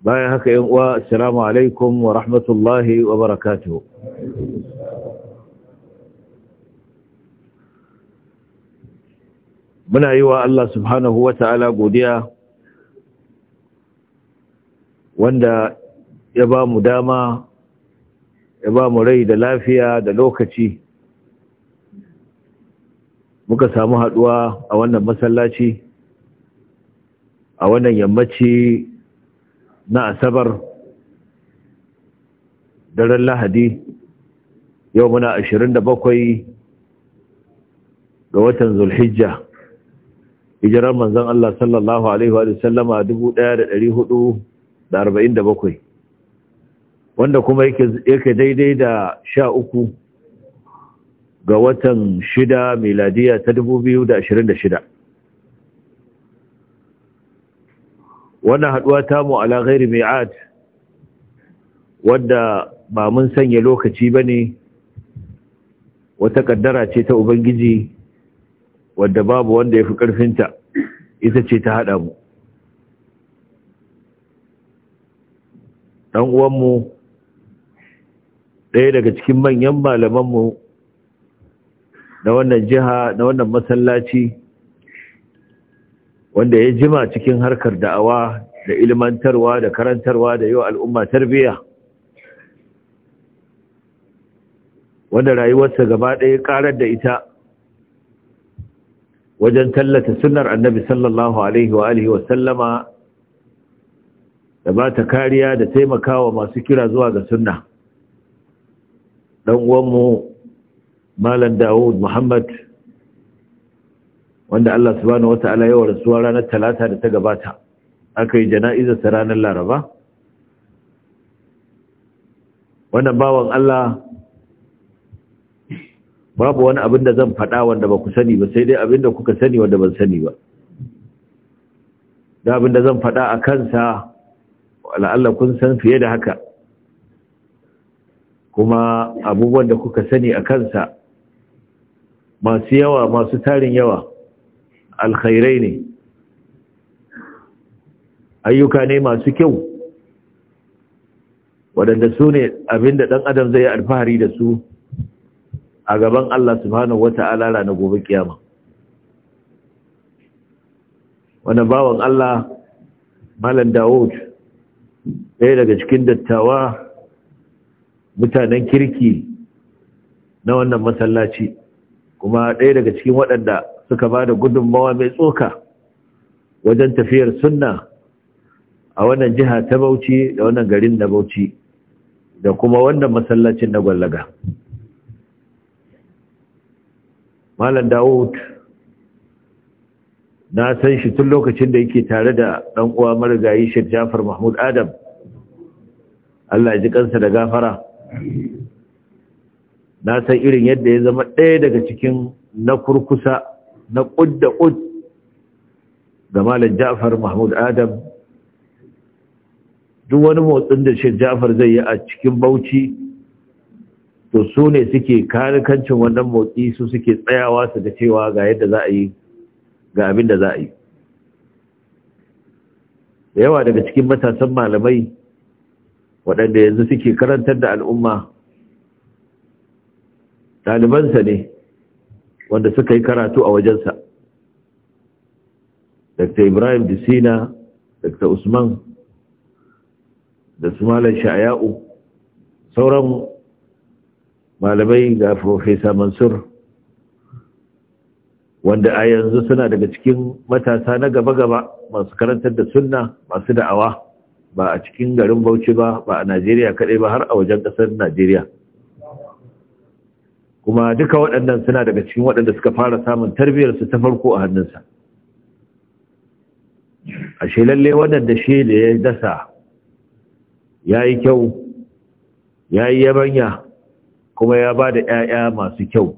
bayan haka yan uwa assalamu alaikum wa rahmatullahi wa barakatuh muna yi wa Allah subhanahu wa ta'ala godiya wanda ya ba mu dama ya ba mu rai da lafiya da lokaci muka samu haduwa a wannan masallaci a wannan yammaci na asabar daren lahadi yau muna 27 ga watan zulhijja hijirar manzan Allah sallallahu alaihi wa sallama 1447 wanda kuma yake daidai da sha uku ga watan shida miladiya ta dubu biyu da ashirin da shida wannan haduwa ta mu ala ghairi mi'ad wanda ba mun sanya lokaci bane wata kaddara ce ta ubangiji wanda babu wanda yafi ta ita ce ta hada mu dan uwan mu ɗaya daga cikin manyan malaman mu na wannan jiha na wannan masallaci wanda ya jima cikin harkar da'awa da ilmantarwa da karantarwa da yau al'umma tarbiyya wanda rayuwarsa gaba ɗaya ƙarar da ita wajen tallata sunar annabi sallallahu alaihi wa alihi wasallama da ba ta kariya da taimakawa masu kira zuwa ga sunna ɗan uwanmu malam dawud muhammad wanda Allah subhanahu wata'ala ya warasuwa ranar talata da ta gabata aka yi jana'izar ta ranar laraba wannan bawan Allah babu wani abin da zan faɗa wanda ba ku sani ba sai dai abin da kuka sani wanda ban sani ba da abin da zan faɗa a kansa la'alla kun san fiye da haka kuma abubuwan da kuka sani a kansa masu yawa masu tarin yawa alkhairai ne ayyuka ne masu kyau waɗanda su ne abinda ɗan adam zai yi alfahari da su a gaban Allah subhanahu wata'ala ranar gobe kiyama wannan bawan Allah malam Dawud ɗaya daga cikin dattawa mutanen kirki na wannan masallaci kuma ɗaya daga cikin waɗanda suka ba da gudunmawa mai tsoka wajen tafiyar sunna a wannan jiha ta bauchi da wannan garin na bauchi da kuma wannan masallacin na gwallaga malam dawud na san shi tun lokacin da yake tare da ɗan uwa marigayi shir jafar mahmud adam allah ji kansa da gafara na san irin yadda ya zama ɗaya daga cikin na kurkusa na ƙud da ƙud da malam ja'far mahmud adam duk wani motsin da shi ja'far zai yi a cikin bauchi to su ne suke kanikancin wannan motsi su suke tsayawa su da cewa ga yadda za a yi ga abin da za a yi da yawa daga cikin matasan malamai waɗanda yanzu suke karantar da al'umma ɗalibansa ne wanda suka yi karatu a wajensa dr ibrahim disina dr usman da su malar sauran malamai ga profesa mansur wanda a yanzu suna daga cikin matasa na gaba-gaba masu karantar da sunna masu da'awa ba a cikin garin bauchi ba ba a najeriya kadai ba har a wajen ƙasar najeriya kuma duka waɗannan suna daga cikin waɗanda suka fara samun tarbiyyarsu ta farko a hannunsa a shelalle lalle waɗanda shi da ya dasa ya yi kyau ya yi yabanya kuma ya ba da ‘ya'ya masu kyau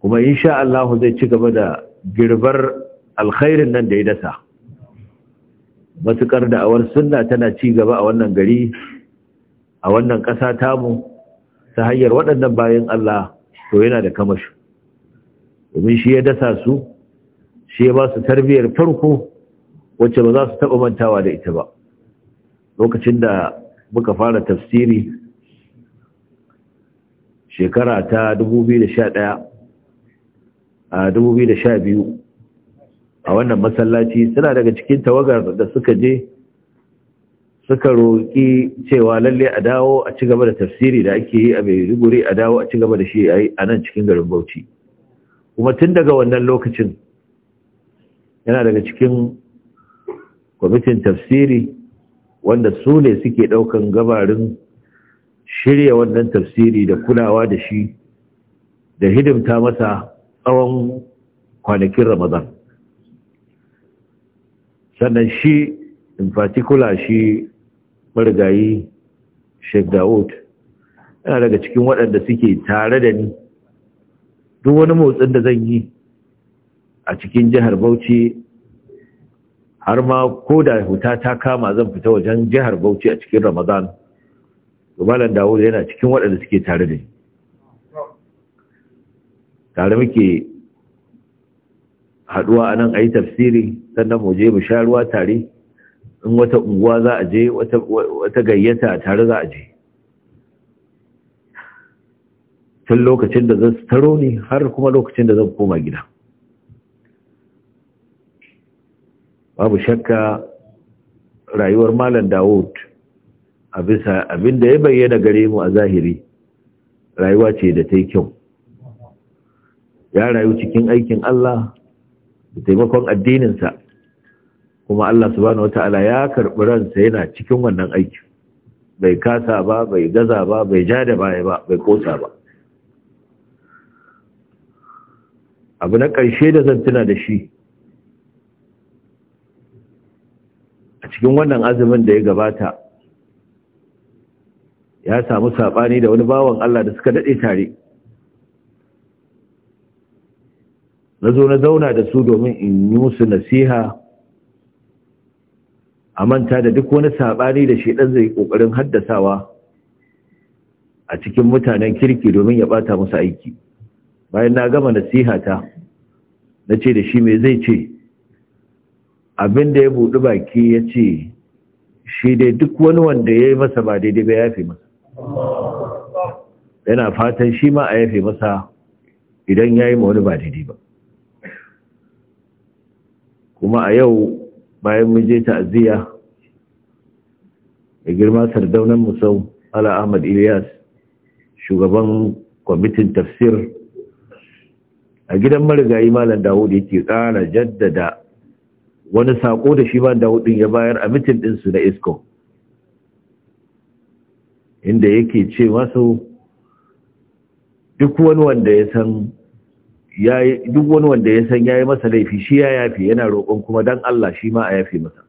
kuma insha Allah zai ci gaba da girbar alkhairin nan da ya dasa matuƙar awar sunna tana ci gaba a wannan gari a wannan ƙasa tamu ta hanyar waɗannan bayan Allah to yana da kamashu domin shi ya dasa su shi ya ba su tarbiyyar farko wacce ba za su taɓa mantawa da ita ba lokacin da muka fara tafsiri shekara ta 2011 a 2012 a wannan masallaci suna daga cikin tawagar da suka je suka roƙi cewa lalle a dawo a ci gaba da tafsiri da ake yi a maiduguri a dawo a ci gaba da shi a nan cikin garin bauchi kuma tun daga wannan lokacin yana daga cikin kwamitin tafsiri wanda su ne suke ɗaukan gabarin shirya wannan tafsiri da kulawa da shi da hidimta masa tsawon kwanakin ramadan sannan shi in particular shi marigayi Sheikh Dawud yana daga cikin waɗanda suke tare da ni duk wani motsin da zan yi a cikin jihar Bauchi har ma ko da huta ta kama zan fita wajen jihar Bauchi a cikin Ramadan Malam Dawud yana cikin waɗanda suke tare da ni tare muke haɗuwa a nan a yi tafsiri sannan mu je mu sha ruwa tare in wata unguwa za a je wata gayyata tare za a je tun lokacin da zan taro ni har kuma lokacin da zan koma gida babu shakka rayuwar malam dawud a bisa abinda ya bayyana gare mu a zahiri rayuwa ce da ta yi kyau ya rayu cikin aikin Allah da taimakon addininsa kuma Allah subhanahu wata'ala ya karɓi ransa yana cikin wannan aiki bai kasa ba bai gaza ba bai ja da baya ba bai kosa ba abu na ƙarshe da zan tuna da shi a cikin wannan azumin da ya gabata ya samu saɓani da wani bawan Allah da suka daɗe tare na zo na zauna da su domin in yi musu nasiha a manta da duk wani saɓani da shaidan zai ƙoƙarin haddasawa a cikin mutanen kirki domin ya ɓata musu aiki bayan na gama nasihata na ce da shi mai zai ce abin da ya buɗi baki ya ce shi dai duk wani wanda ya yi masa ba daidai ba ya fi masa yana fatan shi ma a yafe masa idan ya yi ma wani ba daidai ba kuma a yau bayan mun je ta'aziyya da girma sardaunan musau ala ahmad ilyas shugaban kwamitin tafsir a gidan marigayi malam dawud yake kara jaddada wani sako da shi ma dawud ya bayar a mitin dinsu na isko inda yake ce masu duk wani wanda ya san duk wani wanda ya san yayi masa laifi shi ya yafi yana roƙon kuma dan Allah shi ma a yafi masa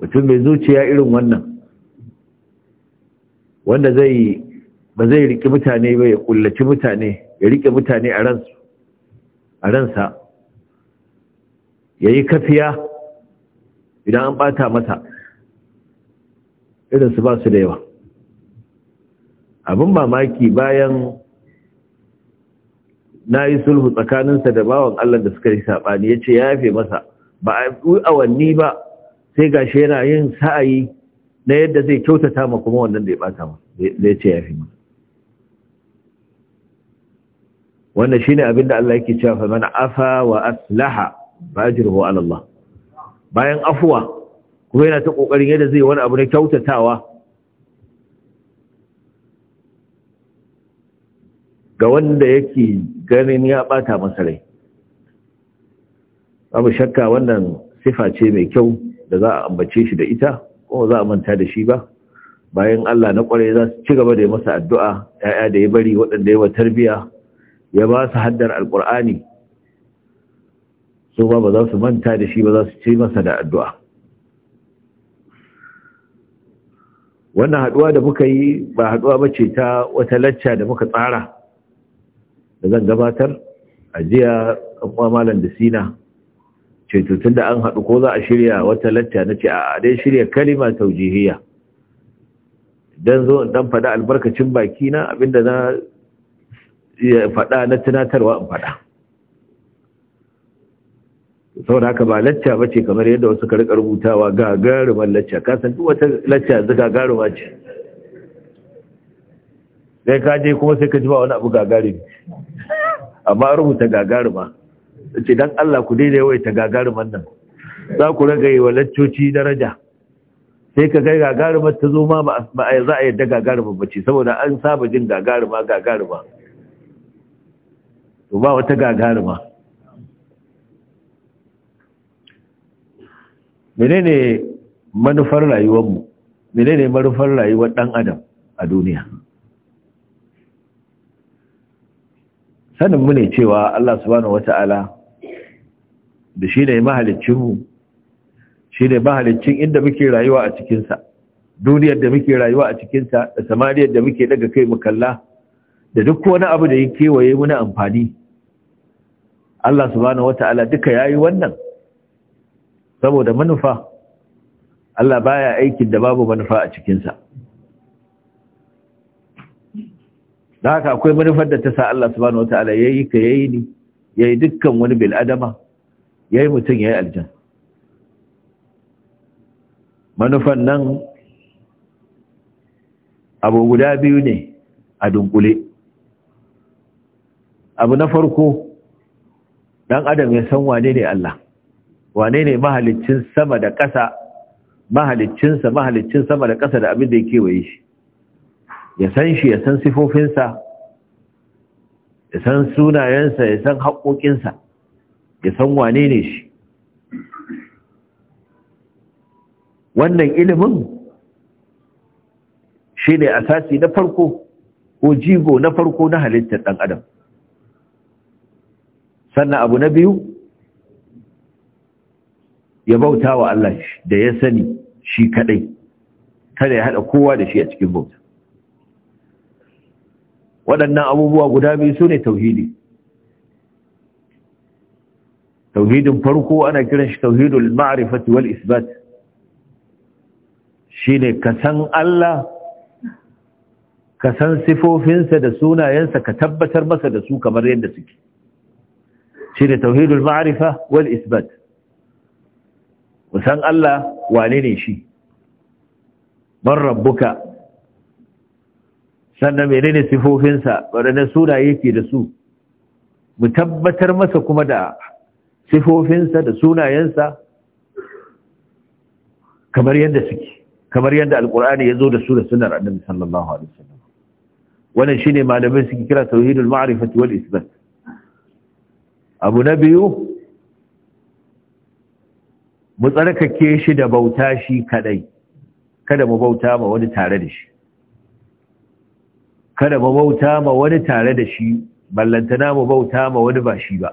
mutum mai zuciya irin wannan wanda zai ba zai riƙe mutane ba ya kullaci mutane ya riƙe mutane a ransu a ransa ya yi kafiya idan an ɓata masa irinsu ba su da yawa abin mamaki bayan na yi sulhu tsakaninsa da bawan Allah da suka yi saɓani ya ce ya yafe masa ba a yi awanni ba sai ga shi yana yin sa'ayi na yadda zai kyautata ma kuma wannan da ya ɓata ma ce ya ce yafe masa wannan shine abin da Allah yake cewa mana afa wa aslaha a ala Allah bayan afuwa kuma yana ta ƙoƙarin yadda zai wani abu na kyautatawa ga wanda yake ganin ya bata masa rai babu shakka wannan sifa ce mai kyau da za a ambace shi da ita kuma za a manta da shi ba bayan Allah na kwarai za su ci gaba da masa addu'a ‘ya'ya da ya bari waɗanda ya wa tarbiya ya ba su haddar alƙur'ani su ba za su manta da shi ba za su ci masa da addu'a wannan haɗuwa da muka yi ba haɗuwa ba ce ta wata lacca da muka tsara da zan gabatar a jiya kuma malam da sina ce tutun da an haɗu ko za a shirya wata latta na ce a dai shirya kalima taujihiyya don zo dan faɗa albarkacin baki na abinda na faɗa na tunatarwa in faɗa saboda haka ba lacca ba ce kamar yadda wasu karɓar rubutawa ga garuman lacca kasan duk wata lacca zuga garuma ce sai ka je kuma sai ka ji ba wani abu gagari amma rubuta gagaruma ce dan Allah ku daidai wai ta gagaruman nan za ku raga yi wa laccoci daraja sai ka ga gagarumar ta zo ma ba za a yadda ba bace saboda an saba jin gagaruma gagaruma to ba wata gagaruma menene manufar rayuwarmu menene manufar rayuwar dan adam a duniya sanin mu ne cewa Allah subhanahu wata'ala da shi ne mahalicin mu shi ne mahalicin inda muke rayuwa a cikinsa duniyar da muke rayuwa a cikinta da samariyar da muke daga kai mu kalla da duk wani abu da ya kewaye muna amfani Allah subhanahu wata'ala duka yayi wannan saboda manufa Allah baya aikin da babu manufa a cikinsa da haka akwai manufar da ta sa Allah subhanahu wataala yayi ka yayi ni yayi dukkan wani bil adama yayi mutun yayi aljanna manufan nan abu guda biyu ne a dunkule abu na farko dan adam ya san wane ne Allah wane ne mahaliccin sama da ƙasa mahaliccin sama da ƙasa da abin da yake waye shi ya san shi ya san sifofinsa ya san sunayensa ya san haƙoƙinsa ya san wane ne shi wannan ilimin shi ne asasi na farko ko jigo na farko na halittar ɗan adam sannan abu na biyu ya bauta wa Allah da ya sani shi kaɗai kada ya haɗa kowa da shi a cikin bauta waɗannan abubuwa guda biyu su ne tauhidi tauhidin farko ana kiran shi tauhidul ma'rifati wal isbat ka san Allah ka san sifofinsa da sunayensa ka tabbatar masa da su kamar yadda suke Shi tauhidul ma'rifa wal isbat san Allah wane ne shi man rabbuka sannan ne sifofinsa waɗanda sunaye yake da su mu tabbatar masa kuma da sifofinsa da sunayensa kamar yadda suke kamar yadda alkur'ani ya zo da su da sunar annabi sallallahu alaihi wasallam wannan shine malamai suke kira tauhidul ma'rifati wal isbat abu na biyu mu tsarkake shi da bauta shi kadai kada mu bauta ma wani tare da shi kada mu bauta ma wani tare da shi ballantana mu bauta ma wani ba shi ba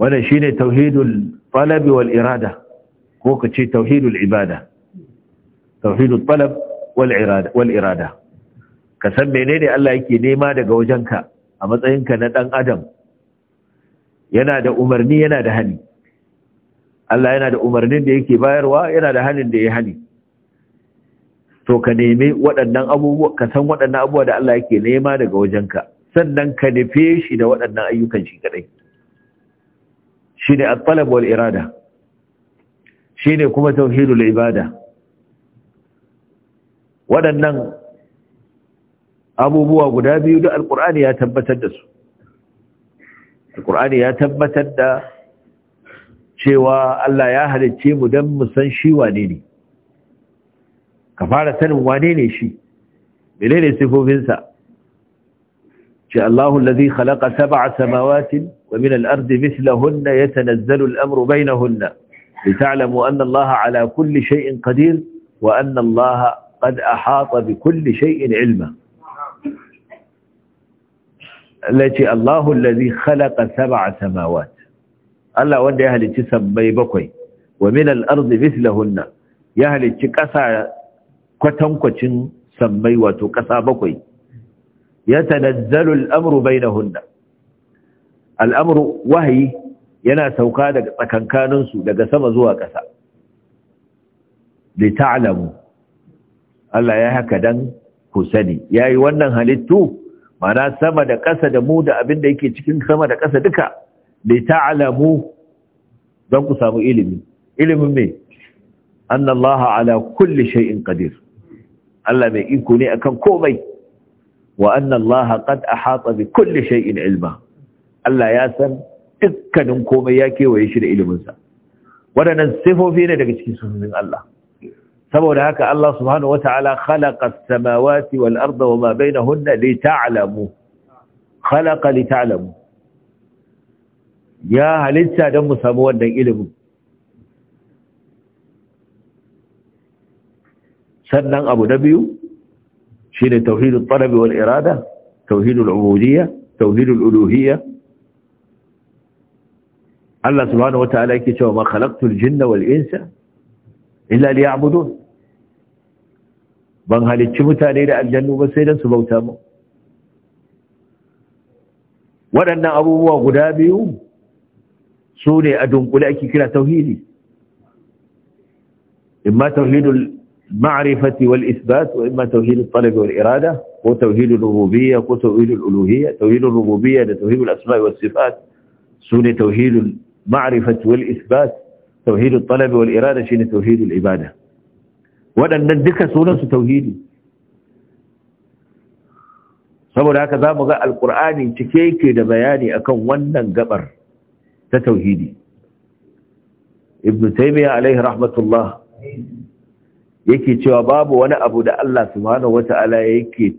wannan shine tauhidul talabi wal irada ko kace tauhidul ibada tauhidul talab wal irada wal irada ka san menene Allah yake nema daga wajenka a matsayinka na dan adam yana da umarni yana da hali Allah yana da umarnin da yake bayarwa yana da halin da ya hali to ka nemi waɗannan abubuwa ka san waɗannan abubuwa da Allah yake nema daga wajenka sannan ka nufe shi da waɗannan ayyukan shi kaɗai. Shi ne al talab wal irada ne kuma tauhidul ibada waɗannan abubuwa guda biyu da Alƙur'ani ya tabbatar da su Alƙur'ani ya tabbatar da cewa Allah ya halicce mu don mu san shi wane ne ka fara sanin wane ne shi menene sifofinsa ce Allahu allazi khalaqa sab'a samawati wa min al-ardi mithlahunna yatanazzalu al-amru bainahunna lita'lamu anna Allaha ala kulli shay'in qadir wa anna Allaha qad ahata bi kulli shay'in ilma lati Allahu allazi khalaqa sab'a samawat Allah wanda ya halicci sabbai bakwai wa min al-ardi mithlahunna ya halicci ƙasa kwatankwacin sammai wato ƙasa bakwai ya tanazzalu na hunna al’amuru wahayi yana sauka daga tsakankaninsu daga sama zuwa ƙasa da ta’alamu Allah ya haka don ku sani Ya yi wannan halittu mana sama da ƙasa da mu da abin da yake cikin sama da ƙasa duka da ta’alamu don ku samu ilimi ilimin me annallaha ala kulli shay'in qadir Allah mai iko ne akan komai wa anna Allah a ahata bi kulli shay'in ilma Allah ya san dukkanin komai ya kewaye shi da iliminsa sa wadannan sifofi ne daga cikin sunan Allah saboda haka Allah subhanahu wa ta'ala as-samawati wal arda wama bainahunna li ta'lamu khalaqa li ta'lamu ya halitta dan mu samu wannan ilimin sannan abu na biyu shi ne tauhidun talabi wal irada tauhidun ubudiyya tauhidun uluhiyya Allah subhanahu wataala yake cewa ma khalaqtul jinna wal insa illa liya'budun ban halicci mutane da aljannu ba sai don su bauta mu waɗannan abubuwa guda biyu su ne a dunkule ake kira tauhidi imma tauhidun. المعرفة والإثبات وإما توحيد الطلب والإرادة وتوحيد الربوبية وتوحيد الألوهية توحيد الربوبية لتوحيد الأسماء والصفات سنة توحيد المعرفة والإثبات توحيد الطلب والإرادة سنة توحيد العبادة وأن ننذك سنة توحيد فمن هكذا مغاء القرآن تكيك دبياني أكون ونن قبر تتوحيدي ابن تيمية عليه رحمة الله yake cewa babu wani abu da Allah subhanahu wata'ala yake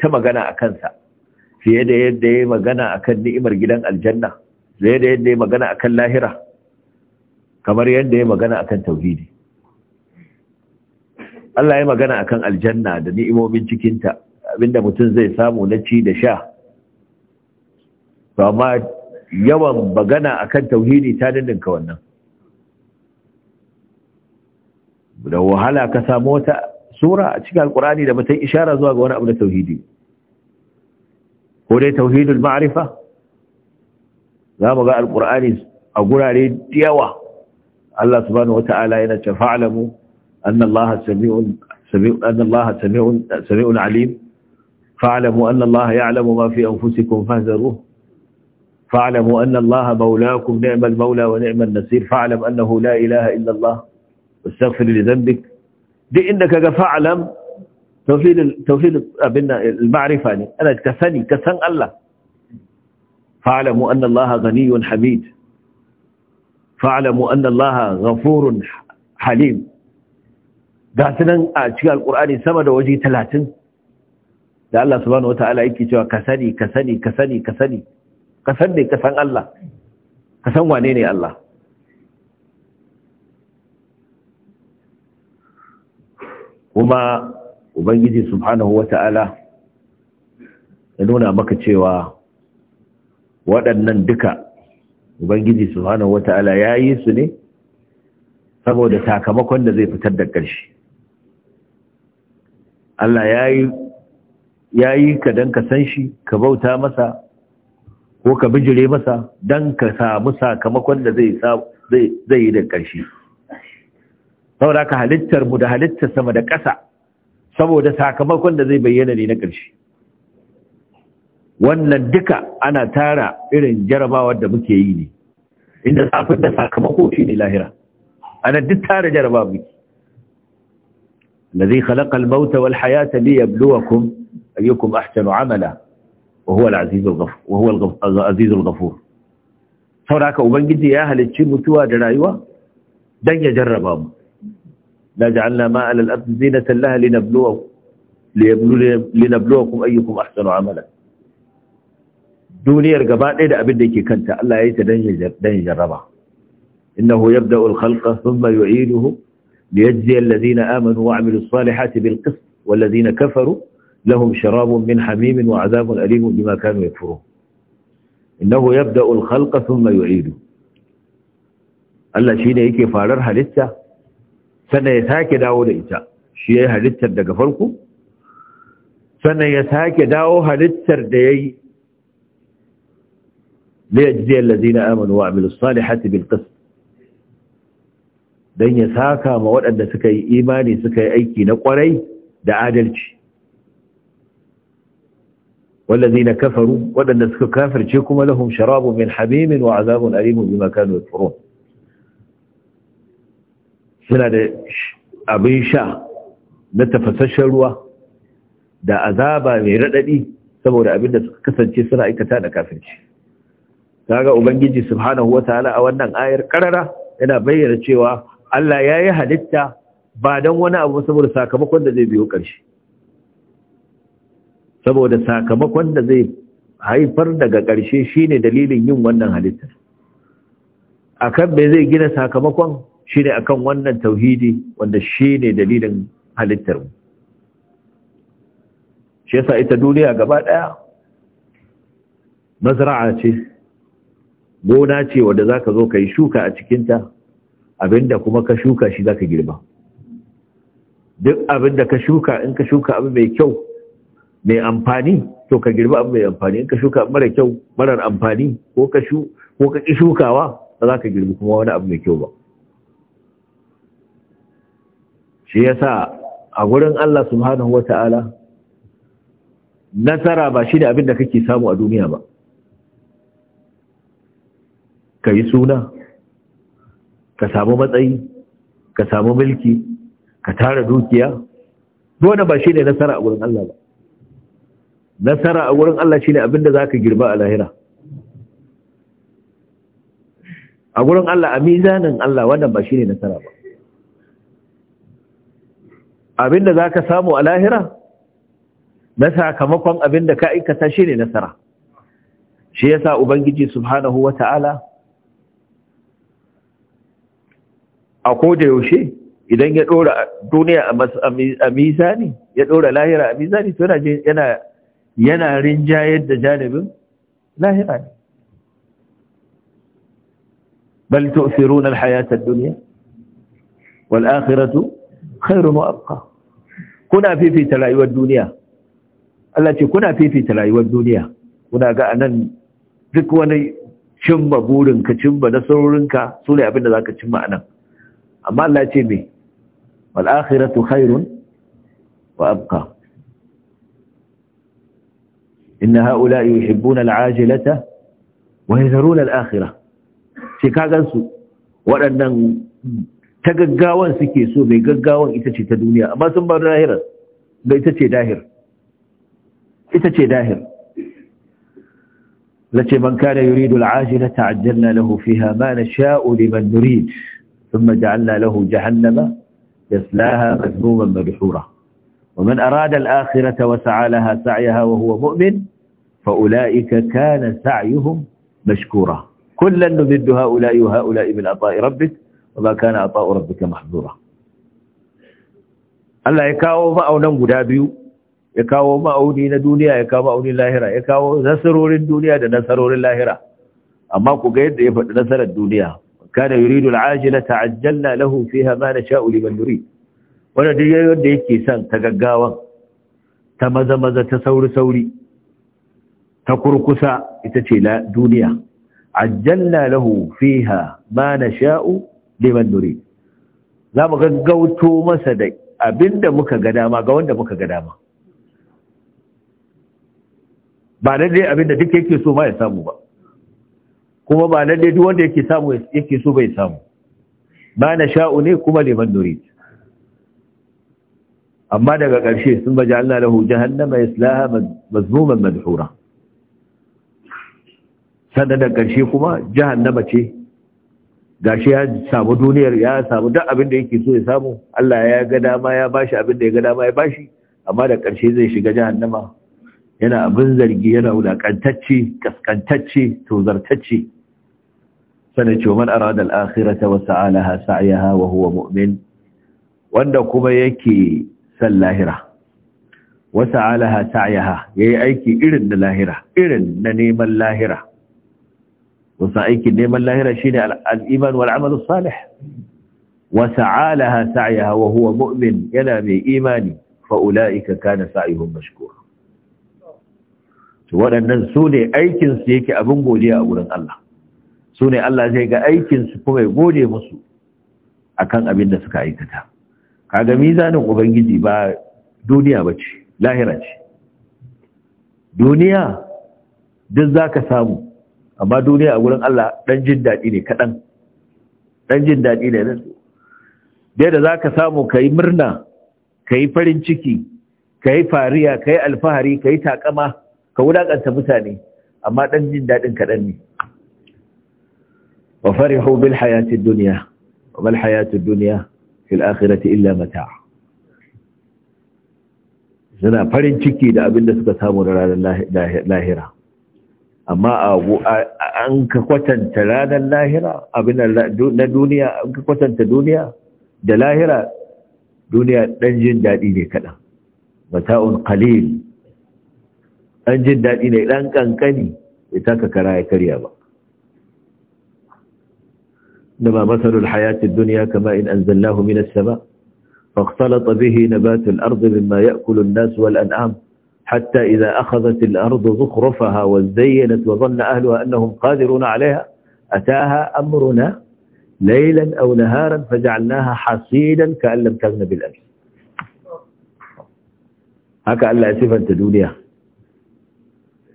ta magana a kansa fiye da yadda ya magana akan ni'imar gidan aljanna fiye da yadda ya magana akan lahira kamar yadda ya magana akan tauhidi Allah ya magana akan aljanna da ni'imomin cikinta abinda mutum zai samu na ci da sha to amma yawan magana akan tauhidi ta dindinka wannan da wahala ka samu wata sura a cikin alkurani da bata ishara zuwa ga wani abu da tauhidi ko dai tauhidul ma'rifa za mu ga alkurani a gurare yawa Allah subhanahu wata'ala yana ce fa'lamu anna Allah sami'un sami'un anna Allah sami'un sami'un alim fa'lamu anna Allah ya'lamu ma fi anfusikum fahzaruhu فاعلموا أن الله مولاكم نعم المولى ونعم النصير فاعلم أنه لا إله إلا الله wastaghfir li duk inda kaga fa'lam tawfid tawfid abin al ne ana ka sani ka san hamid fa'lamu halim a cikin alkur'ani sama da waje talatin da Allah subhanahu yake cewa ka sani ka sani ka sani ka sani ka san ne ka san Allah ka san wane ne Allah kuma ubangiji subhanahu wata'ala ya nuna maka cewa waɗannan duka ubangiji subhanahu wata'ala ya yi su ne saboda sakamakon da zai fitar da ƙarshe Allah ya yi ka don ka san shi ka bauta masa ko ka bijire masa don ka samu sakamakon da zai yi da ƙarshe saboda ka halittar mu da halittar sama da ƙasa saboda sakamakon da zai bayyana ne na ƙarshe wannan duka ana tara irin jarabawar da muke yi ne inda zafin da sakamako shi ne lahira ana duk tara jaraba muke الذي خلق الموت والحياة ليبلوكم أيكم أحسن عملا وهو العزيز الغفور وهو العزيز الغفور saboda haka ubangiji ya halicci mutuwa da rayuwa dan ya jarraba لا جعلنا ماء الارض زينة لها لنبلوكم لنبلوكم أيكم أحسن عملا دوني أرقباء إذا أبدك كنت الله يسى دنجة ربع إنه يبدأ الخلق ثم يعيده ليجزي الذين آمنوا وعملوا الصالحات بالقسط والذين كفروا لهم شراب من حميم وعذاب أليم بما كانوا يكفرون إنه يبدأ الخلق ثم يعيده الله شيني يكي فارر هلسة sannan ya sake dawo da ita shi ya yi halittar daga farko sannan ya sake dawo halittar da ya yi liyajiyar lazina amanu wa amilu salihati bil qist don ya saka ma waɗanda suka yi imani suka yi aiki na ƙwarai da adalci wallazi na kafaru waɗanda suka kafirce kuma lahum sharabu min hamimin wa azabun alimun bima kanu yatsurun suna da abin sha na tafasasshen ruwa da azaba mai raɗaɗi saboda abin da suka kasance suna aikata da kafirci kaga ubangiji subhanahu wa ta'ala a wannan ayar karara yana bayyana cewa Allah ya yi halitta ba don wani abu saboda sakamakon da zai biyo ƙarshe saboda sakamakon da zai haifar daga ƙarshe shine dalilin yin wannan halittar akan me zai gina sakamakon ne akan wannan tauhidi wanda shi ne dalilin halittar mu shi yasa ita duniya gaba daya mazra'a ce gona ce wanda zaka zo kai shuka a cikin ta abinda kuma ka shuka shi zaka girba duk abinda ka shuka in ka shuka abu mai kyau mai amfani to ka girma abu mai amfani in ka shuka mara kyau marar amfani ko ka shu ko ka ki shukawa za ka girbi kuma wani abu mai kyau ba shi yasa a gurin Allah subhanahu wa ta'ala, nasara ba shi da abin da kake samu a duniya ba ka yi suna ka samu matsayi ka samu mulki ka tara dukiya dole ba shi ne nasara a gurin Allah ba nasara a wurin Allah shine da zaka girba a lahira a gurin Allah a mizanin Allah wannan ba shine nasara ba abinda za ka samu a lahira na sakamakon abinda ka aikata shi ne nasara shi ya sa ubangiji subhanahu wa ta'ala a koda yaushe idan ya ɗora duniya a mizani ya ɗora lahira a mizani to yana yana rinjayar da janibin lahira ne bal tu'thiruna al-hayata ad-dunya wal akhiratu khairun wa abqa kuna fifita rayuwar duniya Allah ce kuna fifita rayuwar duniya kuna ga anan duk wani cimma burinka cimma nasarorinka su ne abinda za ka cimma anan amma Allah ce me wal akhiratu khairun wa abqa inna haula yuhibbuna al'ajilata wa yadharuna al'akhirah sai ka gansu waɗannan ta gaggawan suke so mai gaggawan ita ce ta duniya amma sun bar lahirar ga ita ce dahir ita ce dahir lace man kana yuridu al'ajila ta'ajjalna lahu fiha ma nasha'u liman nurid thumma ja'alna lahu jahannama yaslaha madhmuman madhura ومن أراد الآخرة وسعى لها سعيها وهو مؤمن فأولئك كان سعيهم مشكورا كلا نمد هؤلاء وهؤلاء من عطاء ربك ba kana a tsa'urar duka mahzura Allah ya kawo ma'aunan guda biyu ya kawo ma'auni na duniya ya kawo ma'auni lahira ya kawo nasarorin duniya da nasarorin lahira amma ku ga yadda ya faɗi nasarar duniya kana yuridu al'ajila ta'ajjalna lahu fiha ma nasha'u liman nurid wanda duk wanda yake son ta gaggawan ta maza maza ta sauri sauri ta kurkusa ita ce la duniya ajjalna lahu fiha ma nasha'u liman nuri za mu gaggauto masa da abinda muka ga dama ga wanda muka ga dama ba lalle abinda duk yake so ma ya samu ba kuma ba lalle duk wanda yake samu yake so bai samu ba na sha'u ne kuma liman nuri amma daga ƙarshe sun baje Allah lahu jahannama yaslaha mazmuman madhura sannan da ƙarshe kuma jahannama ce gashi ya samu duniyar ya samu duk abin da yake so ya samu Allah ya ga dama ya bashi abin da ya ga dama ya bashi amma da ƙarshe zai shiga jahannama yana abin zargi yana wulakantacce kaskantacce tozartacce sanin cewa man arada al-akhirata wa sa'alaha sa'yaha wa huwa mu'min wanda kuma yake san lahira wa sa'alaha sa'yaha yayi aiki irin da lahira irin na neman lahira kusan aikin neman lahira shine al-iman wal amalu salih wa sa'alaha sa'yaha wa huwa mu'min yana mai imani fa ulaika kana sa'yuhum mashkur to waɗannan su ne aikin su yake abin godiya a wurin Allah su ne Allah zai ga aikin su kuma ya gode musu akan abin da suka aikata kaga mizanin ubangiji ba duniya ce, lahira ce duniya duk zaka samu amma duniya a gurin Allah dan jin daɗi ne kaɗan dan jin daɗi ne nan dai da za ka samu ka yi murna ka yi farin ciki ka yi fariya ka yi alfahari ka yi takama ka wulaƙanta mutane amma dan jin daɗin kaɗan ne wa farihu bil hayatid dunya wa mal hayatid dunya fil akhirati illa mata' suna farin ciki da abin da suka samu da ranar lahira amma abu an ka kwatanta ranar lahira abin na duniya an ka kwatanta duniya da lahira duniya ɗan jin daɗi ne kaɗan mata'un qalil ɗan jin daɗi ne ɗan ƙanƙani ya taka kara ya karya ba da ba إنما مثل الحياة الدنيا كما إن أنزلناه من السماء فاختلط به نبات الأرض مما يأكل الناس والأنعام حتى إذا أخذت الأرض زخرفها وزينت وظن أهلها أنهم قادرون عليها أتاها أمرنا ليلا أو نهارا فجعلناها حصيدا كأن لم تغن بالأمس هكا ألا أسفا تدونيا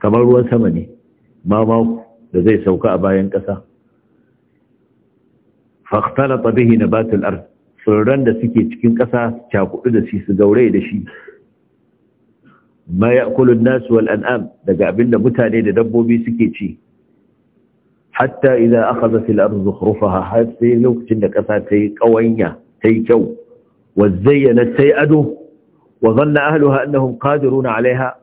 كما هو سمني ما موق لذي سوكاء باين كسا فاختلط به نبات الأرض فلرند سكي تكين كسا تشاكو إذا سيس دوري دشي ma ya'kulun nasu an'am daga abinda mutane da dabbobi suke ci hatta idza aka al ardu zukhrufaha har sai lokacin da ƙasa ta yi ƙawanya ta yi kyau wa zayyana ta yi ado wa zanna ahluha annahum qadiruna alaiha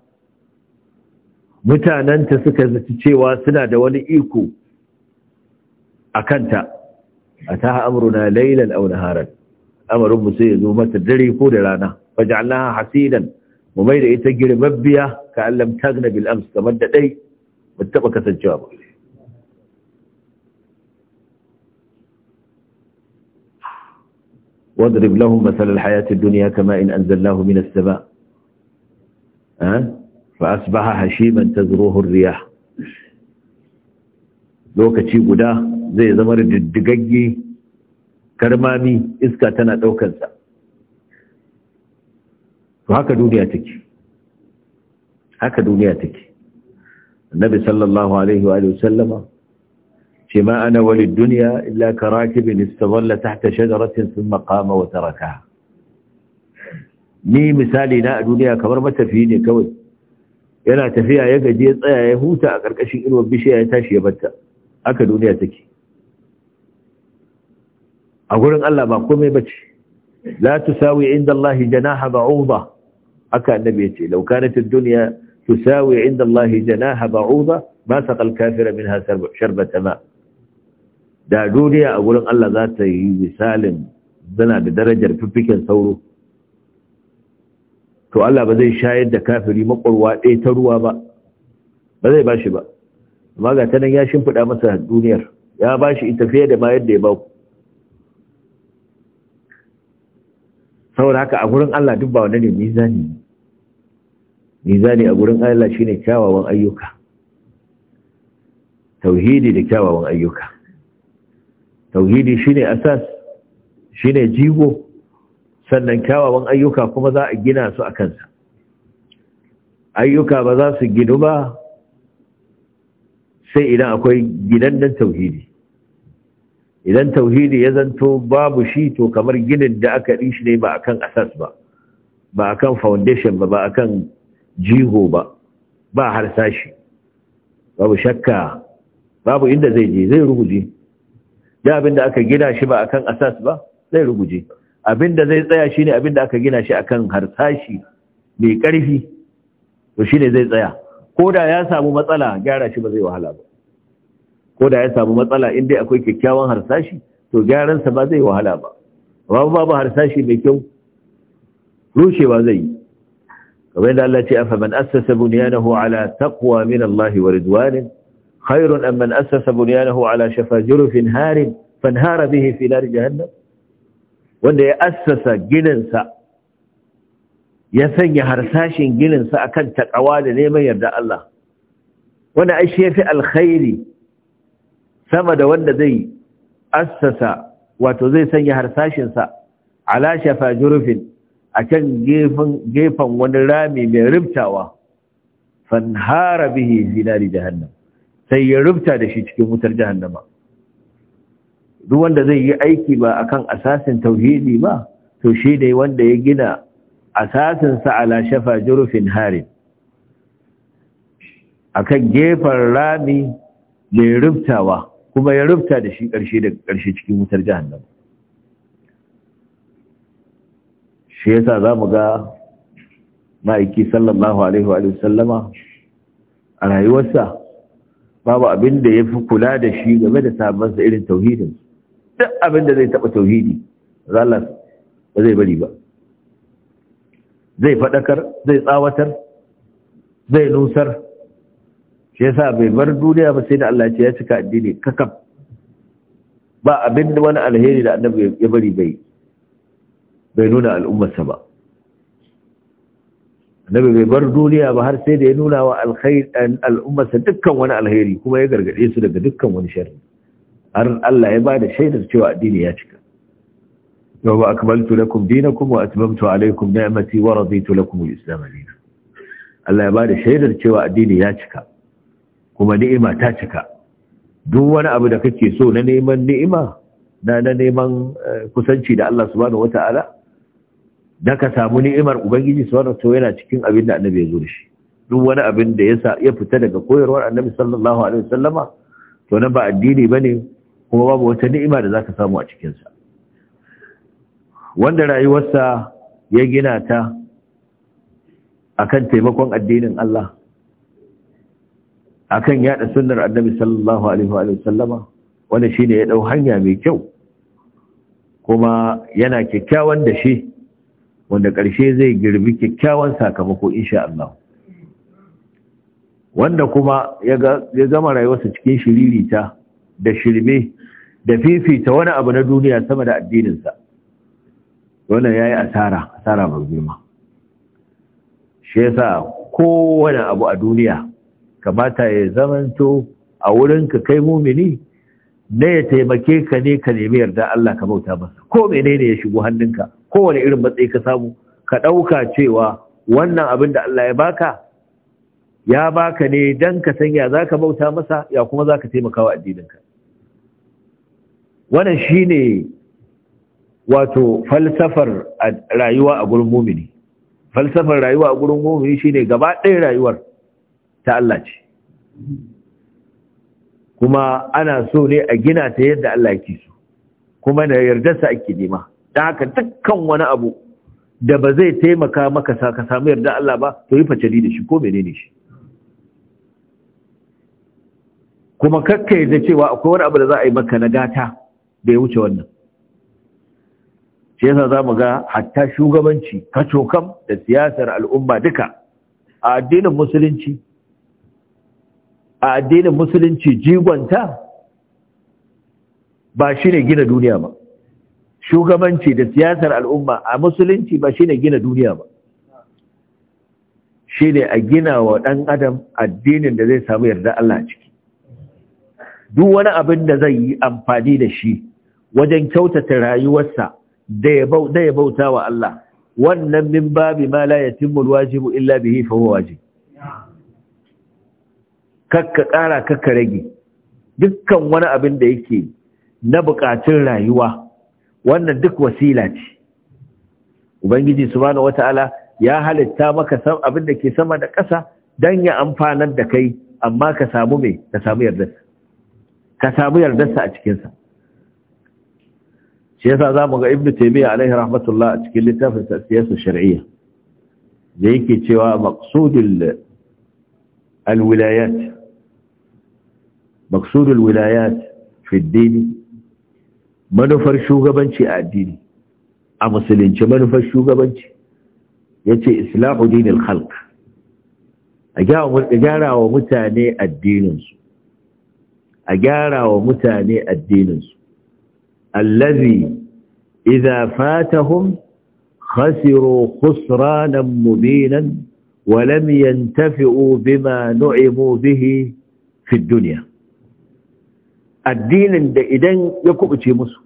mutanenta suka zaci cewa suna da wani iko akanta ataha na laylan aw naharan amarin mu sai yazo mata dare ko da rana faj'alnaha hasidan ومبيد يتجر إيه مبيا كأن تغنى بالأمس كمدة أي واتبقى تجاب واضرب لهم مثل الحياة الدنيا كما إن أنزلناه من السماء فأصبح هشيما تزروه الرياح لوكا تشيبو دا زي زمر الدقاجي كرمامي إسكا تنا دوكا سأ to haka duniya take haka duniya take annabi sallallahu alaihi wa sallama ce ma ana walid duniya illa karakibin istazalla tahta shajaratin thumma qama wa tarakaha ni misali na a duniya kamar matafi ne kawai yana tafiya ya gaji ya tsaya ya huta a ƙarƙashin inuwar bishiya ya tashi ya batta haka duniya take a gurin Allah ba komai bace la tusawi inda Allah janaha ba'uda aka annabi ya ce laukanat su dunya tusawi inda Allah janaha ba'udha ma saqal kafira minha sharbata ma da duniya a gurin Allah za ta yi misalin zana da darajar fiffiken sauro to Allah ba zai shayar da kafiri makwarwa ɗaya ta ruwa ba ba zai ba shi ba amma ga ta nan ya shimfiɗa masa duniyar ya ba shi ita fiye da ma yadda ya ba ku saboda haka a gurin Allah duk ba wani ne mizani mizani a gurin Allah shine kyawawan ayyuka tauhidi da kyawawan ayyuka tauhidi shine asas shine jigo sannan kyawawan ayyuka kuma za a gina su a kansa ayyuka ba za su ginu ba sai idan akwai gidan nan tauhidi idan tauhidi ya zanto babu shi to kamar ginin da aka yi shi ne ba akan asas ba ba akan foundation ba ba akan jigo ba ba harsashi babu shakka babu inda zai je zai ruguje da abinda aka gina shi ba akan asas ba zai ruguje abinda zai tsaya shine abinda aka gina shi akan harsashi mai karfi to shine zai tsaya ko da ya samu matsala gyara shi ba zai wahala ba koda ya samu matsala in dai akwai kikkiawan harsashi to gyaran sa ba zai wahala ba babu babu harsashi mai kyau rushewa zai kamar da Allah ya ce afa man assasa bunyanahu ala taqwa min Allah wa ridwan khairun am man assasa bunyanahu ala shafa jurfin harin fanhara bihi fi nar jahannam wanda ya assasa ginin sa ya sanya harsashin ginin sa akan takawa da neman yarda Allah wanda ai shi fi alkhairi sama da wanda zai assasa wato zai sanya harsashinsa ala shafa jurufin a kan gefen wani rami mai rubtawa hara bihi zinari jahannam sai ya rubta da shi cikin wutar jahannama duk wanda zai yi aiki ba akan asasin tauhidi ba to shi ne wanda ya gina asasinsa ala shafa jurufin harin kan gefen rami mai rubtawa kuma ya rubta da shi ƙarshe da ƙarshe cikin wutar jihannan shi yasa za mu ga ma'aiki sallallahu alaihi wa sallama a rayuwarsa babu abin da ya fi kula da shi game da sabansa irin tauhidin duk abin da zai taɓa tauhidi zalas ba zai bari ba zai faɗakar zai tsawatar zai nusar shi yasa bai bar duniya ba sai da Allah ya cika addini kakab ba abin da wani alheri da annabi ya bari bai bai nuna al'ummarsa ba annabi bai bar duniya ba har sai da ya nuna wa al'ummarsa dukkan wani alheri kuma ya gargaɗe su daga dukkan wani sharri har Allah ya ba da shaidar cewa addini ya cika yau ba akmaltu lakum dinakum wa atmamtu alaykum ni'mati wa raditu lakum al-islam dinan Allah ya ba da shaidar cewa addini ya cika kuma ni'ima ta cika duk wani abu da kake so na neman ni'ima na na neman eh, kusanci da Allah subhanahu wata'ala da ka samu ni'imar ubangiji subhanahu wata'ala yana cikin abin da annabi ya zo da shi duk wani abin da ya fita daga koyarwar annabi sallallahu alaihi wasallama to na ba addini bane kuma babu wata ni'ima da zaka samu a cikin sa wanda rayuwarsa ya gina ta akan taimakon addinin Allah akan yaɗa sunnar annabi sallallahu alaihi wa sallama wanda shine ya dau hanya mai kyau kuma yana kyakkyawan da shi wanda ƙarshe zai girbi kyakkyawan sakamako insha Allah wanda kuma ya gama rayuwarsa cikin shiririta da shirme da fifita wani abu na duniya sama da addininsa wannan ya asara asara babu girma shi yasa kowane abu a duniya kamata ya zamanto a wurin ka kai mumini na ya taimake ka ne ka nemi yarda Allah ka bauta masa ko menene ya shigo hannunka kowane irin matsayi ka samu ka ɗauka cewa wannan abin da Allah ya baka ya baka ne dan ka sanya za ka bauta masa ya kuma zaka taimaka wa addininka wannan shi ne wato falsafar rayuwa a gurin mumini falsafar rayuwa a gurin mumini shine gaba ɗaya rayuwar ta Allah ce kuma ana so ne a gina ta yadda Allah ke so kuma na yarda sa ake nema ta haka dukkan wani abu da ba zai taimaka maka ka samu yarda Allah ba to yi facari da shi ko menene shi kuma kakkai da cewa akwai wani abu da za a yi maka na gata da ya wuce wannan Shesa za mu ga hatta shugabanci kacokam da siyasar al'umma duka a addinin musulunci a addinin musulunci jigonta ba shi ne gina duniya ba shugabanci da siyasar al'umma a musulunci ba shi ne gina duniya ba shi ne a gina wa ɗan adam addinin da zai samu yarda Allah ciki duk wani abin da zai yi amfani da shi wajen kyautata rayuwarsa da ya bauta wa Allah wannan min babi ma la yatimmu alwajibu illa bihi fa huwa wajib kakka ƙara kakka rage dukkan wani abin da yake na buƙatun rayuwa wannan duk wasila ce ubangiji subhanahu wataala ya halitta maka san abin da ke sama da ƙasa don ya amfanar da kai amma ka samu me ka samu yardarsa ka samu yardarsa a cikinsa shi yasa za mu ga ibnu taymiya alaihi rahmatullah a cikin littafin siyasa shar'iyya da yake cewa maqsudul alwilayat مقصود الولايات في الدين منو نفر شوغبانشي الدين أما سلينش منو نفر شوغبانشي يتي إصلاح دين الخلق أجارا ومتاني الدين أجارا ومتاني الدين الذي إذا فاتهم خسروا خسرانا مبينا ولم ينتفئوا بما نعموا به في الدنيا addinin da idan ya kubuce musu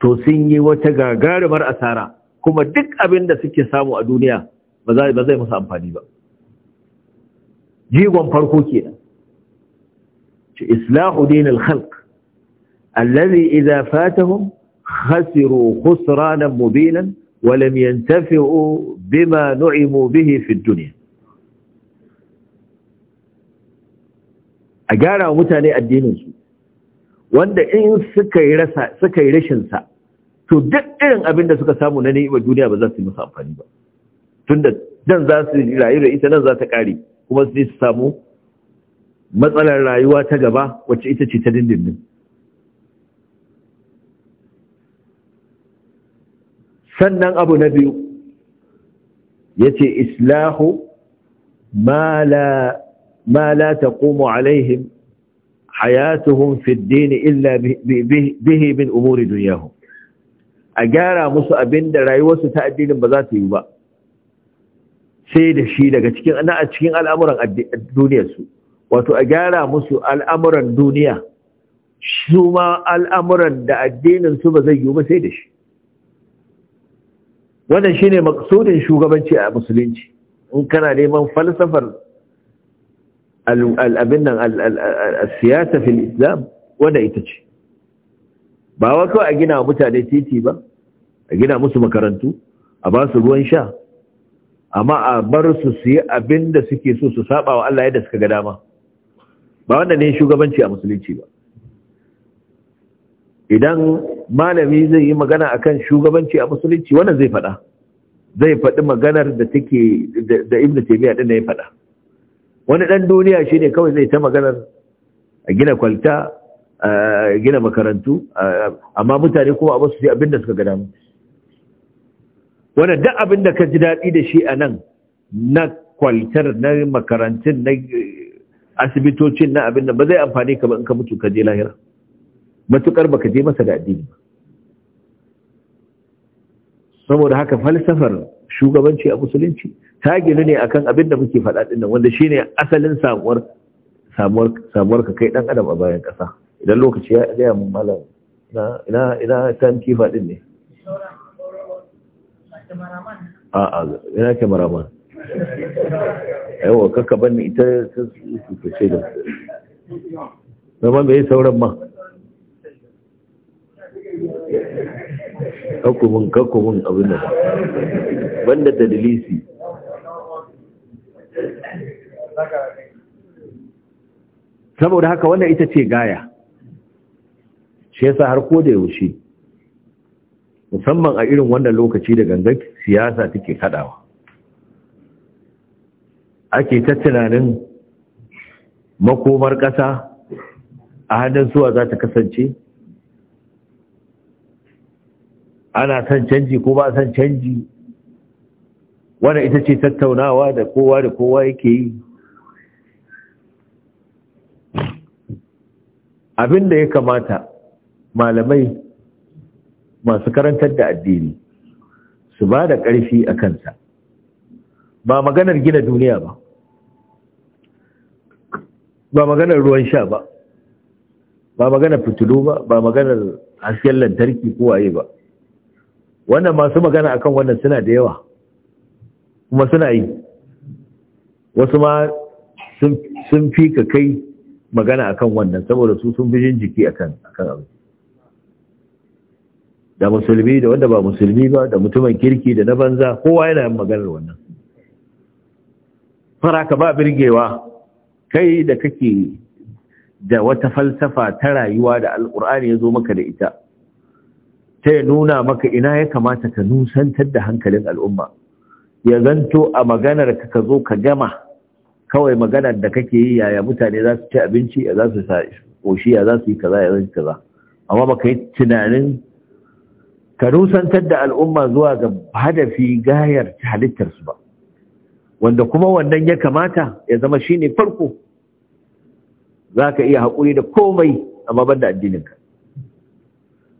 to sun yi wata gagarumar asara kuma duk abin da suke samu a duniya ba zai ba zai musu amfani ba jigon farko kenan ce islahu dinil khalq allazi idza fatahum khasiru khusranan mubinan wa lam yantafi'u bima nu'imu bihi fi dunya a gyara mutane addinin su wanda in suka yi rashinsa, rashin sa to duk irin abin da suka samu na ni'imar duniya ba za su yi musu amfani ba tunda dan za su rayu da ita nan za ta kare kuma su su samu matsalar rayuwa ta gaba wacce ita ce ta dindindin sannan abu na biyu ya ce islahu ma la komo alaihim hayatuhum fi ad-din illa bihi umuri dunyahum a gyara musu abinda rayuwarsu ta addinin ba za ta yi ba sai da shi daga cikin na a cikin al'amuran duniyarsu wato a gyara musu al'amuran duniya su ma al'amuran da addinin su ba zai yi ba sai da shi wannan shine maksudin shugabanci a musulunci in kana neman falsafar abin nan siyasa fil islam wanda ita ce ba wa a gina mutane titi ba a gina musu makarantu a ba su ruwan sha amma a bar su su yi abin da suke so su saba wa Allah yadda suka ga dama ba wanda ne shugabanci a musulunci ba idan malami zai yi magana akan shugabanci a musulunci wannan zai faɗa zai faɗi maganar da take da ibnu taymiya din ya faɗa wani ɗan duniya shi ne kawai zai ta maganar a gina kwalta a gina makarantu amma mutane kuma a basu abin da suka ga damu Wani duk abin da ka ji daɗi da shi a nan na kwaltar na makarantun na eh, asibitocin na abin da ba zai amfani ka in ka mutu ka je lahira Matuƙar ba ka je masa da addini ba saboda haka falsafar shugabanci a musulunci ta gina ne akan abin da muke faɗa ɗin nan wanda shine asalin samuwar samuwar samuwar ka kai dan adam a bayan ƙasa idan lokaci ya ga mun malam ina ina ina kifa din ne a a ina kameraman aiwa kakka banni ita ta ce da zama mai sauran ma kakumin kakumin abin da banda da saboda haka wannan ita ce gaya shi yasa har ko da yaushe musamman a irin wannan lokaci da gangan siyasa take kadawa ake ta tunanin makomar ƙasa a hannun suwa za ta kasance ana son canji ko ba son canji wannan ita ce tattaunawa da kowa da kowa yake yi abin da ya kamata malamai masu karantar da addini su ba da ƙarfi a kansa ba maganar gina duniya ba ba maganar ruwan sha ba ba maganar fitilu ba ba maganar hasken lantarki ko ba wannan masu magana akan wannan suna da yawa kuma suna yi wasu ma sun fi ka kai magana akan wannan saboda su sun fi jin jiki akan akan abu da musulmi da wanda ba musulmi ba da mutumin kirki da na banza kowa yana yin maganar wannan fara ka ba birgewa kai da kake da wata falsafa ta rayuwa da alkur'ani ya zo maka da ita ta ya nuna maka ina ya kamata ka nusantar da hankalin al'umma ya zanto a maganar ka ka zo ka gama kawai maganar da kake yi yaya mutane za su ci abinci ya za su sa koshi, ya za su yi kaza ya za kaza amma baka yi tunanin ka nusantar da al'umma zuwa ga hadafi gayar ta halittarsu ba wanda kuma wannan ya kamata ya zama shine farko za ka iya haƙuri da komai amma mabar da addininka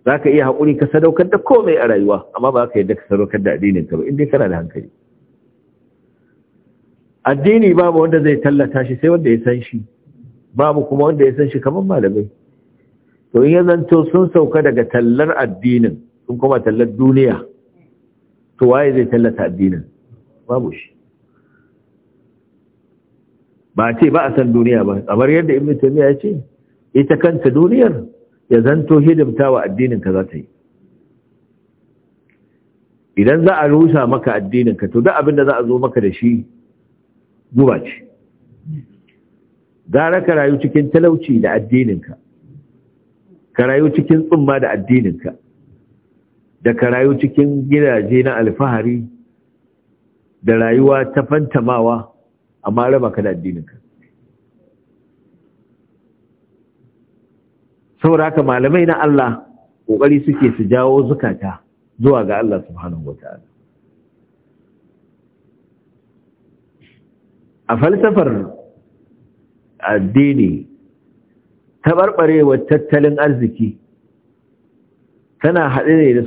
za ka iya haƙuri ka sadaukar da komai a rayuwa amma ba ka yadda ka sadaukar da addininka ba inda kana da hankali addini babu wanda zai tallata shi sai wanda ya san shi babu kuma wanda ya san shi kamar malamai to in yanzu to sun sauka daga tallar addinin sun koma tallar duniya to waye zai tallata addinin babu shi ba ce ba a san duniya ba kamar yadda ibnu taymiya ya ce ita kanta duniyar ya zanto hidimta wa addininka za ta yi idan za a rusa maka addininka to duk abin da za a zo maka da shi guba ce gara ka rayu cikin talauci da addininka ka rayu cikin tsumma da addininka da ka rayu cikin gidaje na alfahari da rayuwa ta fantamawa amma raba ka da addininka saboda haka malamai na Allah kokari suke su jawo zukata zuwa ga Allah subhanahu wataala a falsafar addini tabarbarewar tattalin arziki tana haɗe ne da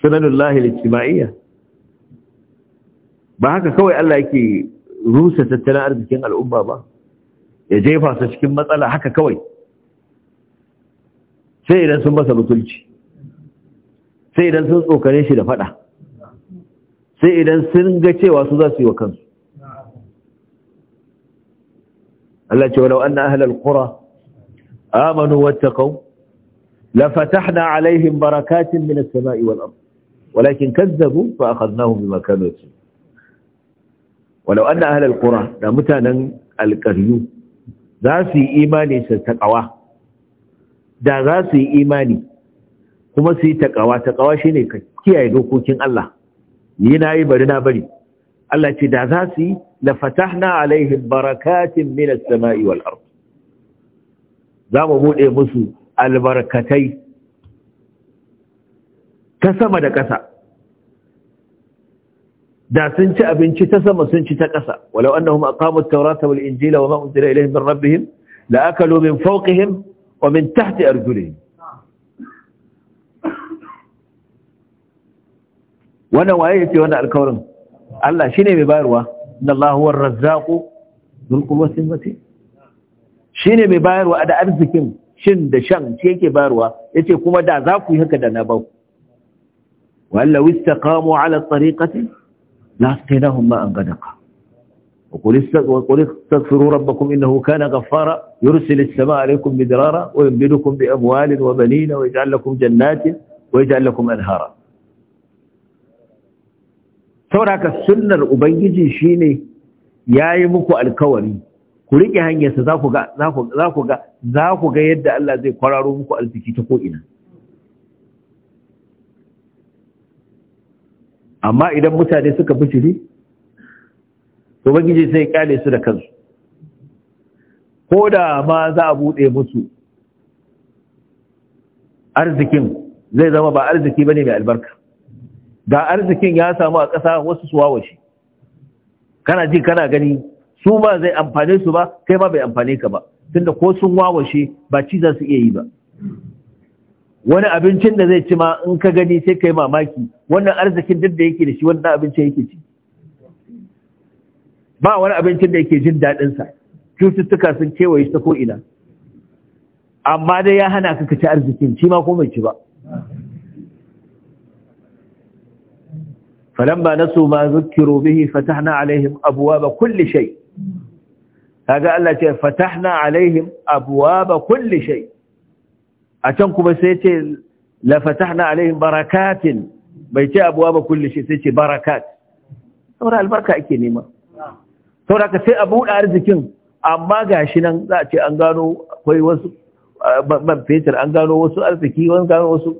sunanun lahil cima'iyya ba haka kawai Allah yake rusa tattalin arzikin al'umma ba ya jefa su cikin matsala haka kawai sai idan sun masa mutunci sai idan sun tsokane shi da fada sai idan sun ga cewa su za su yi wa kansu Allah ce walau anna ahlal qura amanu wattaqu la fatahna alaihim barakatin minas samai wal ard walakin kazzabu fa akhadnahum bima kanu yasifun an na ahlal kura da mutanen Alkaryu. za su yi imani su taƙawa da za su yi imani kuma su yi taƙawa taƙawa shi ne ka kiyaye dokokin Allah Yi na yi bari na bari Allah ce da za su yi la fatahna alaihin barakatin min as-sama'i wal za mu buɗe musu albarkatai ta sama da ƙasa da sun ci abinci ta sama sun ci ta ƙasa walau annahum aqamu at-taurata wal injila wa ma unzila ilayhim min rabbihim la akalu min fawqihim wa min tahti arjulihim wannan waye yace wannan alƙawarin Allah shine mai bayarwa inna Allahu war-razzaqu dhul quwwati matin shine mai bayarwa da arzikin shin da shan shi yake bayarwa yace kuma da za ku yi haka da na ba ku wallaw istaqamu ala tariqati لأسقيناهم ماء غدقا وقل استغفروا ربكم إنه كان غفارا يرسل السماء عليكم مدرارا ويمددكم بأموال وبنين ويجعل لكم جنات ويجعل لكم أنهارا sauraka sunnar ubangiji shine yayi muku alkawari ku rike hanyarsa za ku ga za ku ga za ku ga yadda Allah zai kwararo muku alfiki ta ko'ina. amma idan mutane suka bijiri to bangiji sai kyale su da kansu ko da ma za a bude musu arzikin zai zama ba arziki bane mai albarka Da arzikin ya samu a ƙasa wasu suwawashi kana ji kana gani su ba zai amfane su ba kai ma bai amfane ka ba tunda ko sun wawashe ba ci za su iya yi ba wani abincin da zai ci ma in ka gani sai ka yi mamaki wannan arzikin duk da yake da shi wannan abincin yake ci ba wani abincin da yake jin daɗinsa cututtuka sun kewaye ta ko'ina amma dai ya hana ka ci arzikin shi ma ko mai ci ba ba nasu ma zukkiru bihi fatahna alaihim abwaba kulli shay kaga Allah ce fatahna alaihim abwaba kulli shay' a can kuma sai ce la fatahna alaihim barakatin bai ce abuwa ba kulli shi sai ce barakat saboda albarka ake nema saboda ka sai abu da arzikin amma gashi nan za a ce an gano akwai wasu man fetur an gano wasu arziki wani gano wasu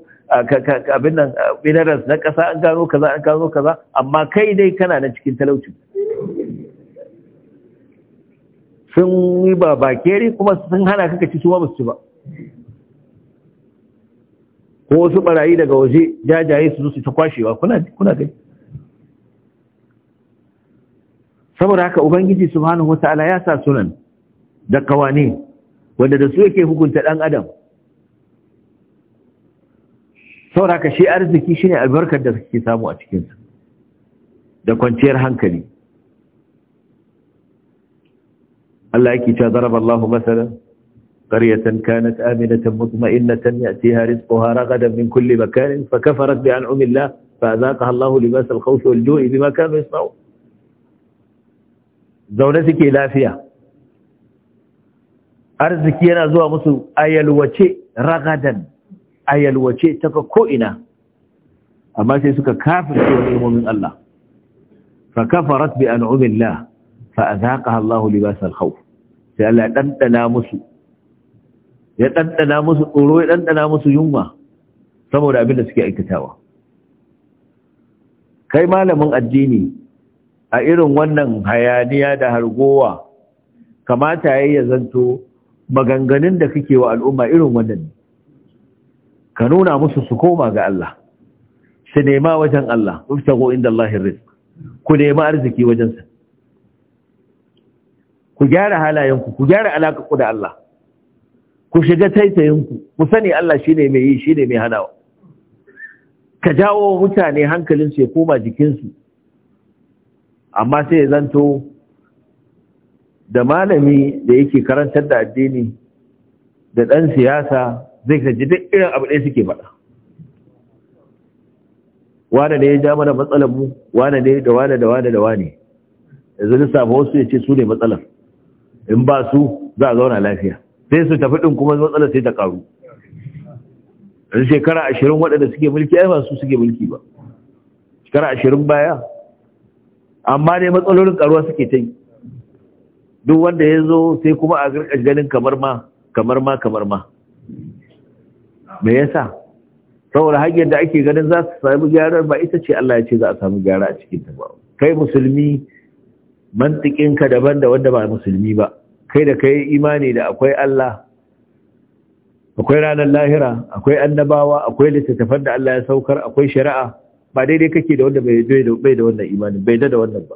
abin nan minerals na kasa an gano kaza an gano kaza amma kai dai kana na cikin talauci sun yi ba bakeri kuma sun hana kaka ci su ba su ci ba ko wasu barayi daga waje jajaye su su ta kwashewa kuna kuna gani saboda haka ubangiji subhanahu wataala ya sa sunan da kawani wanda da su yake hukunta dan adam saboda haka shi arziki shine albarkar da kake samu a cikin sa da kwanciyar hankali Allah yake cewa daraballahu masalan قرية كانت آمنة مطمئنة يأتيها رزقها رغدا من كل مكان فكفرت بأنعم الله فأذاقها الله لباس الخوف والجوع بما كانوا يصنعون زونتك إلى فيها أرزك ينازوها مثل أي الوشي رغدا أي الوشي تككوئنا أما سيسك كافر يوم من الله فكفرت بأنعم الله فأذاقها الله لباس الخوف سألها تنتنا مثل ya ɗanɗana musu tsoro ya ɗanɗana musu yunwa saboda abin da suke aikatawa kai malamin addini a irin wannan hayaniya da hargowa kamata ya yi zanto maganganun da kake wa al'umma irin wannan ka nuna musu su koma ga Allah su nema wajen Allah uftago inda Allah risk ku nema arziki wajensa ku gyara halayenku ku gyara alaƙaƙu da Allah ku shiga taitayinku ku sani Allah shi ne mai yi shi ne mai hanawa ka jawo mutane hankalinsu ya koma jikinsu amma sai ya zanto da malami da yake karantar da addini da ɗan siyasa zai kaji duk irin abu ɗaya suke faɗa wane ne ya ja mana matsalar mu wane ne da wane da wane da wane yanzu lissafa wasu ya ce su ne matsalar in ba su za a zauna lafiya sai su tafi ɗin kuma matsalar sai ta ƙaru yanzu shekara ashirin waɗanda suke mulki ai ba su suke mulki ba shekara ashirin baya amma dai matsalolin ƙaruwa suke ta yi duk wanda ya zo sai kuma a garkar ganin kamar ma kamar ma kamar ma me yasa saboda hanyar da ake ganin za su sami gyara ba ita ce Allah ya ce za a sami gyara a cikin ta ba kai musulmi mantikinka daban da wanda ba musulmi ba kai da kai imani da akwai Allah akwai ranar lahira akwai annabawa akwai littattafan da Allah ya saukar akwai shari'a ba daidai kake da wanda bai da wannan imani bai da wannan ba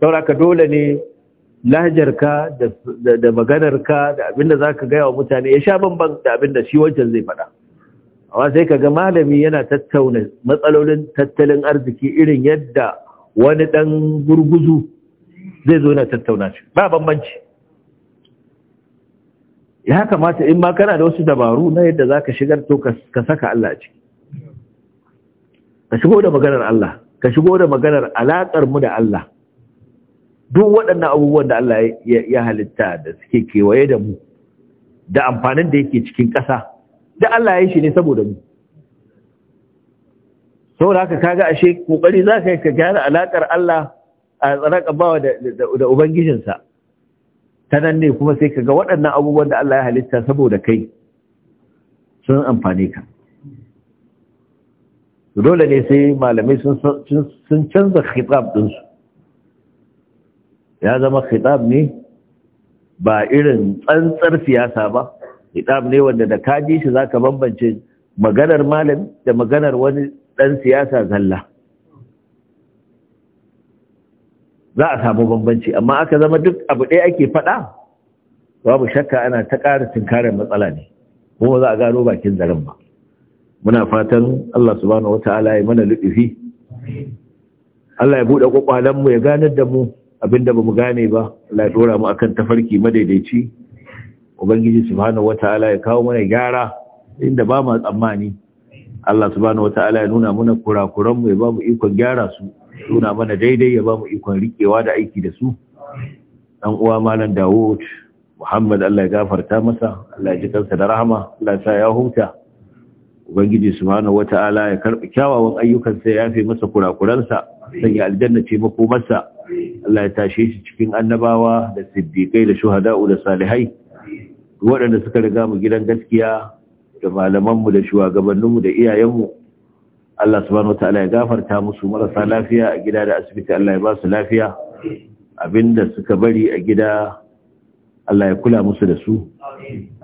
sauraka dole ne lahajarka da maganarka da abinda za ka gaya wa mutane ya sha banban da abinda shi wancan zai faɗa amma sai ka ga malami yana tattauna matsalolin tattalin arziki irin yadda wani dan gurguzu zai zo yana tattauna shi ba bambanci ya kamata in ma kana da wasu dabaru na yadda za ka shigar to ka saka Allah a ciki ka shigo da maganar Allah ka shigo da maganar alaƙar mu da Allah duk waɗannan abubuwan da Allah ya halitta da suke kewaye da mu da amfanin da yake cikin ƙasa da Allah ya yi shi ne saboda mu saboda haka kaga ashe kokari za ka yi ka gyara alaƙar Allah a bawa da ubangijinsa ta nan ne kuma sai ka ga waɗannan abubuwan da Allah ya halitta saboda kai sun amfane ka dole ne sai malamai sun canza khitab ɗinsu ya zama khitab ne ba irin tsantsar siyasa ba khitab ne wanda da kaji shi za ka bambance maganar malam da maganar wani ɗan siyasa zalla za a samu bambanci amma aka zama duk abu ɗaya ake faɗa babu shakka ana ta ƙara tunkarar matsala ne kuma za a gano bakin zaren ba muna fatan Allah subhanahu wata'ala ya mana luɗufi Allah ya buɗe mu ya ganar da mu abinda ba mu gane ba Allah ya ɗora mu akan tafarki madaidaici Ubangiji subhanahu wata'ala ya kawo mana gyara inda ba mu tsammani Allah subhanahu wata'ala ya nuna mana kurakuranmu ya ba mu ikon gyara su suna mana daidai ya ba mu ikon riƙewa da aiki da su ɗan uwa malam dawud muhammad allah ya gafarta masa allah ya ji kansa da rahama allah sa ya huta ubangiji subhanahu wata'ala ya karɓi kyawawan ayyukansa ya yafe masa kurakuransa sanya aljanna ce masa. Allah ya tashe shi cikin annabawa da siddiƙai da shuhada'u da salihai waɗanda suka riga mu gidan gaskiya da malamanmu da shugabanninmu da iyayenmu Allah subhanahu wataala ya gafarta musu marasa lafiya a gida da asibiti Allah ya ba su lafiya abinda suka bari a gida Allah ya kula musu da su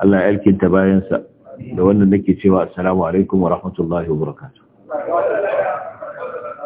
Allah ya alkinta bayansa da wannan nake cewa assalamu alaikum wa rahmatullahi wa barakatuh